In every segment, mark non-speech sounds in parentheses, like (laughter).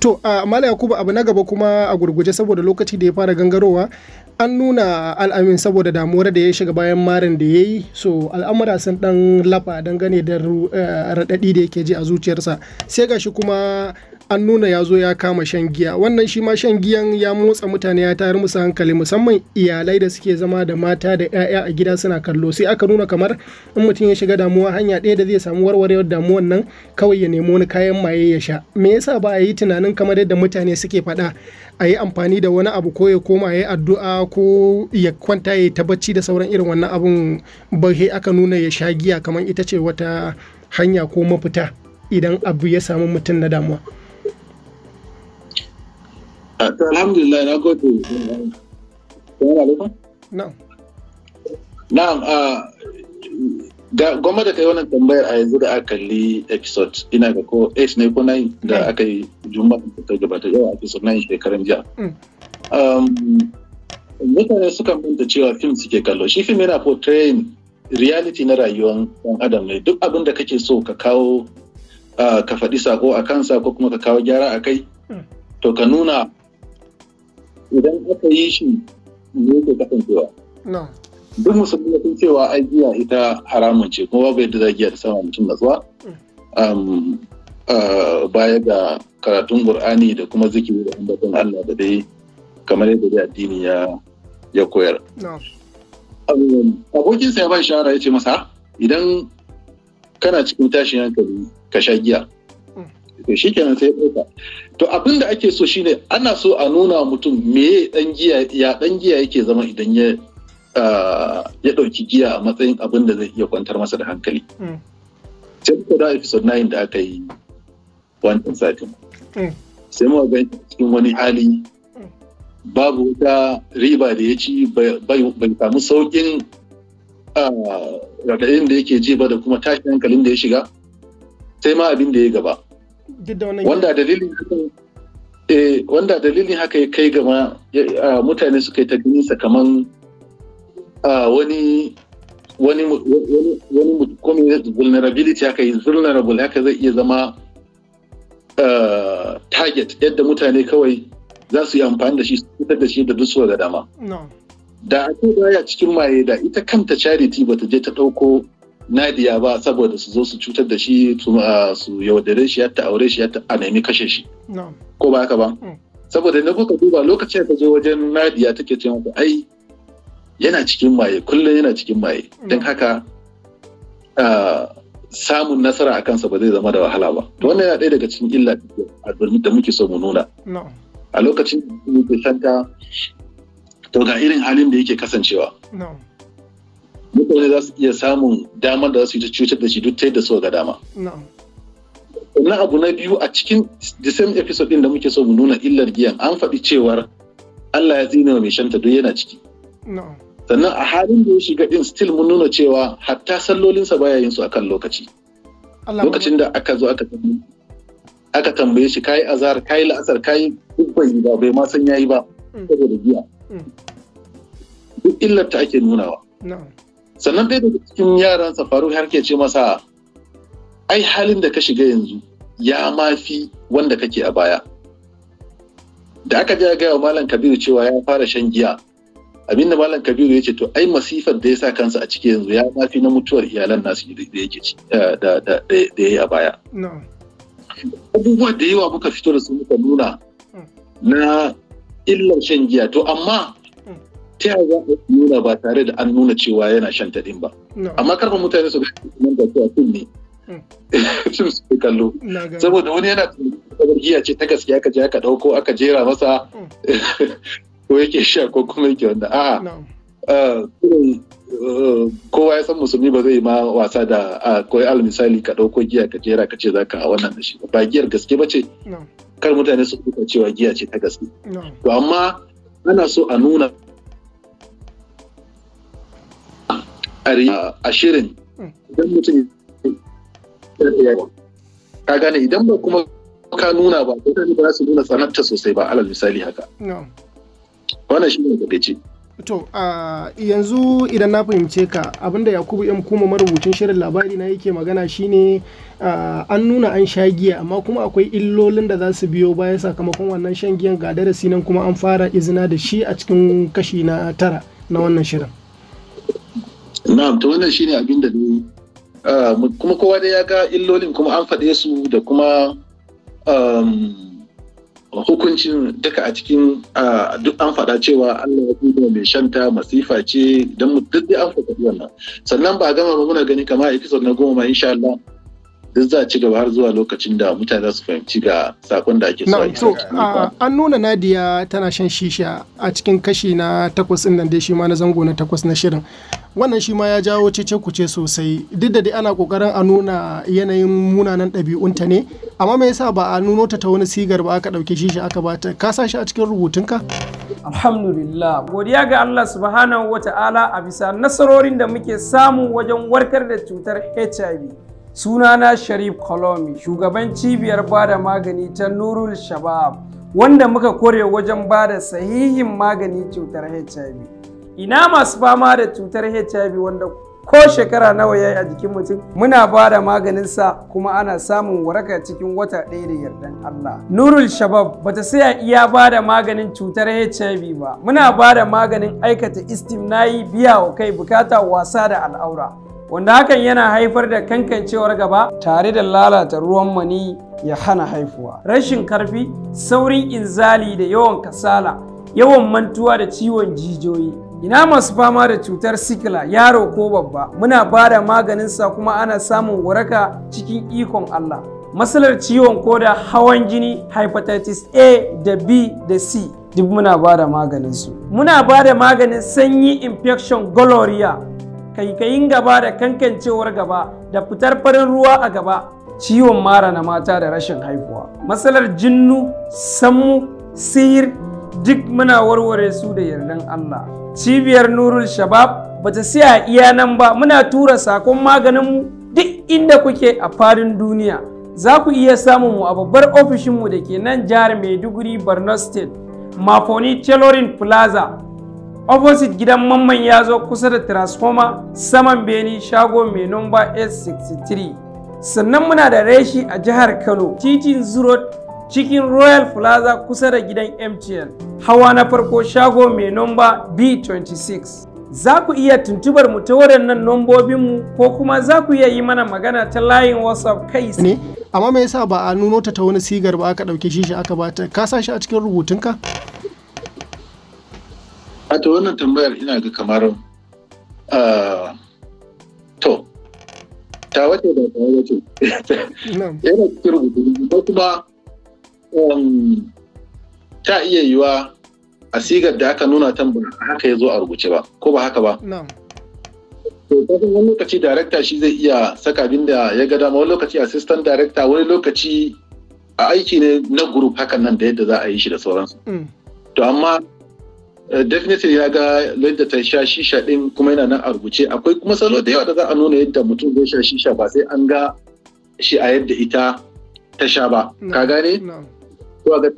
to a mala yakubu abu na gaba kuma a gurguje saboda lokaci da ya fara gangarowa an nuna al'amin saboda damuwar da ya shiga bayan marin da ya yi so al'amura sun dan lafa dangane da eh, raɗaɗi da yake ji a zuciyarsa sai gashi kuma an nuna ya zo ya kama shan giya wannan shi ma shan giyan ya motsa mutane ya tayar musu hankali musamman iyalai da suke zama da mata da 'ya'ya a gida suna kallo sai aka nuna kamar in mutum ya shiga damuwa hanya ɗaya da zai samu warwarewar damuwan nan kawai ya nemo wani kayan maye ya sha me yasa ba a yi tunanin kamar yadda mutane suke faɗa a yi amfani da wani abu ko ya koma ya yi addu'a ko ya kwanta ya ta bacci da sauran irin wannan abun ba sai aka nuna ya sha giya kamar ita ce wata hanya ko mafita idan abu ya samu mutum na damuwa alhamdulillah na gode na'am na'am gwamma da kai wannan tambayar a yanzu da aka kalli episode ina ga ko 8 ne ko 9 da aka yi ta gabata yau 9 shekaran jiya mm. um, mutane suka manta cewa fim suke kallo shi fim yana portraying reality na rayuwar ɗan adam ne duk abin da kake so ka kawo ka faɗi sako a kansa ko kuma ka kawo gyara a kai mm. to ka nuna idan aka yi shi ne ke kasancewa duk musulmi ya san cewa ai giya ita haramun ce kuma babu yadda za giya ta sama mutum natsuwa baya ga karatun qur'ani da kuma zikiri da ambaton Allah da dai kamar yadda dai addini ya ya koyar abokinsa ya ba shahara ya ce masa idan kana cikin tashin hankali ka sha giya mm. shi kenan sai ya ɗauka to abin da ake so shine ana so a nuna mutum me dan giya ya dan giya yake zama idan ya ah, ya dauki giya a matsayin abin da zai iya kwantar masa da hankali mm. sai ko da episode 9 da aka yi wannan satin mm. sai mu ga cikin wani hali mm. babu wata riba da ya ci bai samu saukin ah, raɗaɗin da yake ji ba da kuma tashin hankalin da ya shiga sai ma abin da ya gaba duk da wannan eh, wanda dalilin haka ya kai gama mutane suka yi ta ganin sa kaman wani wani wani vulnerability haka vulnerable haka zai iya zama target yadda mutane kawai za su yi amfani da shi su fitar da shi da duk da dama da ake baya cikin maye da ita kanta charity bata je ta ɗauko nadiya ba saboda su zo su cutar da shi su ah, yaudare shi ta aure shi ta a nemi kashe shi ko ba haka ba mm. saboda na kuka duba lokacin da ta zo wajen nadiya take ce mata ai yana cikin maye kullum yana cikin maye mm. don haka ah, samun nasara a kansa ba zai zama da wahala ba to wannan yana ɗaya daga cikin illa da muke so mu nuna a lokacin da muke shanta to ga irin halin da yake kasancewa mutane za su iya samun damar da za su yi ta cutar da shi duk ta yadda suka ga dama. Na abu na biyu a cikin the same episode din da muke so mu nuna illar giyan an faɗi cewar Allah ya zina mai shanta duk yana ciki. Sannan a halin da ya shiga din still mun nuna cewa hatta sallolinsa baya yin su akan lokaci. Lokacin da aka zo aka aka tambaye shi kayi azar kayi la'asar kayi duk bai ba bai ma san yayi ba mm. saboda giya. Mm. Duk illar ta ake nunawa. sannan ɗaya daga cikin yaransa faru har ke ce masa ai halin da ka shiga yanzu ya mafi wanda kake a baya da aka je gaya wa malam kabiru cewa ya fara shan giya abin da malam kabiru ya ce to ai masifar da ya sa kansa a ciki yanzu ya mafi na mutuwar iyalan nasu da yake eh, da ya yi a baya abubuwa da yawa muka fito da su muka nuna hmm. na illar shan giya to amma ta yaya za a nuna ba tare da an nuna cewa yana shan taɗin ba amma karfin mutane su gani nan da cewa fim ne hmm. (laughs) fim su ke kallo saboda wani yana tunanin giya ce ta gaskiya aka je aka ɗauko aka jera masa hmm. (laughs) ko yake sha ko kuma yake wanda a'a ah, uh, kowa ya san musulmi ba zai ma wasa da koyi al misali ka ɗauko giya ka jera ka ce za ka wannan da shi ba giyar gaske ba ce kar mutane su ɗauka cewa giya ce ta gaske to amma ana so a nuna shirin hmm. idan mutum ka gane idan ba kuma ka nuna ba mutane ba su nuna tsanarta sosai ba alal misali haka wannan shi ne kadaici to yanzu idan na fahimce ka abinda yakubu yan kuma marubucin shirin labari na yake magana shine an nuna an sha giya amma kuma akwai illolin da za su biyo baya sakamakon wannan shan giyan ga darasi nan kuma an fara izina da shi a cikin kashi na tara na wannan shirin na'am ta wannan shine abin da ah, kuma kowa da ya ga illolin kuma an faɗe su da kuma um, hukuncin duka a cikin ah, duk an faɗa cewa Allah ya duba mai shanta masifa ce don mu duk an faɗa wannan sannan ba gama muna gani kamar episode na goma insha Allah duk za a ci gaba har zuwa lokacin da mutane su fahimci ga sakon da ake so a an nuna Nadiya tana shan shisha a cikin kashi na takwas din nan dai shi ma na zango na takwas na shirin wannan shi ma ya jawo cece kuce sosai duk da dai ana kokarin a nuna yanayin munanan ɗabi'unta ne amma me yasa ba a nuno ta ta wani sigar ba aka ɗauki shisha aka bata ka sa shi a cikin rubutun ka. alhamdulillah godiya ga Allah subhanahu wata'ala a bisa nasarorin da muke samu wajen warkar da cutar HIV sunana sharif kolomi shugaban cibiyar bada magani ta nurul shabab wanda muka kore wajen bada sahihin magani cutar hiv ina masu fama da cutar hiv wanda ko shekara nawa ya yi a jikin mutum muna ba da maganinsa kuma ana samun waraka cikin wata ɗaya da yardan Allah. Nurul Shabab bata saya iya ba da maganin cutar HIV ba. Muna ba da maganin aikata istimnayi biya wa kai bukata wasa da al'aura. wanda hakan yana haifar da kankancewar gaba tare da lalata ruwan mani ya hana haifuwa rashin karfi saurin inzali da yawan kasala yawan mantuwa da ciwon jijiyoyi ina masu fama da cutar sikila yaro ko babba muna ba da sa kuma ana samun waraka cikin ikon Allah matsalar ciwon koda hawan jini hepatitis A da B da C duk muna ba da maganinsu muna ba da maganin sanyi infection gonorrhea kaikayin gaba da kankancewar gaba da fitar farin ruwa a gaba ciwon mara na mata da rashin haihuwa matsalar jinnu sammu sihir duk muna warware su da yardan Allah cibiyar nurul shabab bata siya iya nan ba muna tura sakon maganin mu duk inda kuke a fadin duniya za ku iya samun mu a babbar ofishinmu da ke nan jihar maiduguri borno state mafoni tailoring plaza opposite gidan mamman ya zo kusa da transformer saman beni shago mai nomba s63 sannan muna da reshi a jihar kano titin zuro cikin royal plaza kusa da gidan mtn hawa na farko shago mai nomba b26 za ku iya tuntubar mu ta waɗannan mu ko kuma za ku iya yi mana magana ta layin whatsapp kai ne amma me yasa ba a nuno ta ta wani sigar ba aka ɗauke shi aka ta? ka sa shi a cikin rubutunka a wannan tambayar ina ga kamar to ta wace da ta wace yana cikin rubutu ko kuma um, ta iya yiwa a sigar da aka nuna tan haka ya zo a rubuce ba ko ba haka ba to wani lokaci darekta shi zai iya saka abin da ya ga dama wani lokaci assistant darekta wani lokaci a aiki ne na group hakan nan da yadda za a yi shi da sauransu mm. to amma Eh, definitely ya ga yadda ta sha shisha din kuma yana nan a rubuce akwai kuma salo da yawa da za a nuna yadda mutum zai sha shisha ba sai an ga shi a yadda ita ta sha ba ka gane zuwa ga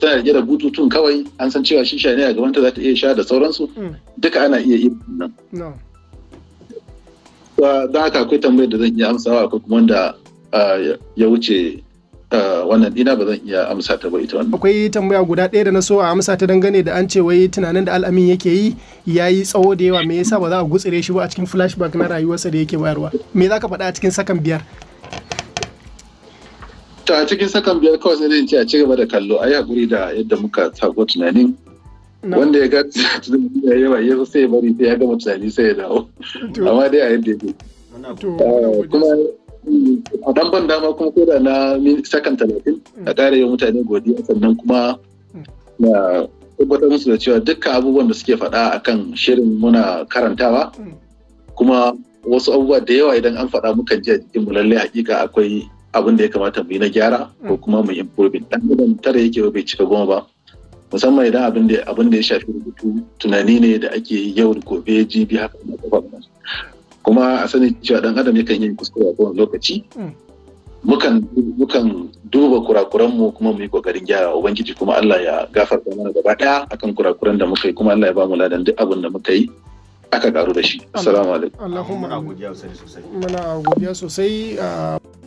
tana da bututun kawai an san cewa shisha ne a gaban ta za ta iya sha da sauransu mm. duka ana iya yi nan da haka akwai tambayar da zan iya amsawa akwai kuma wanda ah, ya wuce Eh, wannan dina ba zan iya amsa ta ba ita wannan. Akwai tambaya guda ɗaya da na so a amsa ta dangane da an ce wai tunanin da al'amin yake yi ya yi tsawo da yawa me yasa ba za a gutsire shi ba a cikin flashback na rayuwarsa da yake bayarwa. Me za ka faɗa a cikin sakan biyar? Ta a cikin sakan biyar kawai sai dai ce a ci gaba da kallo a yi hakuri da yadda muka sako tunanin wanda ya ga (laughs) tunanin da yawa ya sai ya bari sai ya gama tunani sai ya dawo amma dai a yadda eh, ya kuma dan ban dama kuma ko da na sakan talatin a ƙara yi mutane godiya sannan kuma na tabbatar musu da cewa dukkan abubuwan da suke faɗa kan shirin muna karantawa kuma wasu abubuwa da yawa idan an faɗa mukan ji a jikinmu lallai hakika akwai abin da ya kamata mu yi na gyara ko kuma mu improving dan adam tare yake ba bai cika goma ba musamman idan abin da ya shafi rubutu tunani ne da ake yau da gobe jibi haka da kafa kuma a sani cewa dan adam yakan yi kuskure a kowane lokaci hmm. mukan mukan duba mu kuma mu yi kokarin gyara ubangiji kuma Allah ya gafarta mana gaba daya akan kurakuran da muka yi kuma Allah ya ba mu ladan duk abin da muka yi aka karu da shi assalamu alaikum Allahumma godiya sosai muna godiya sosai ah,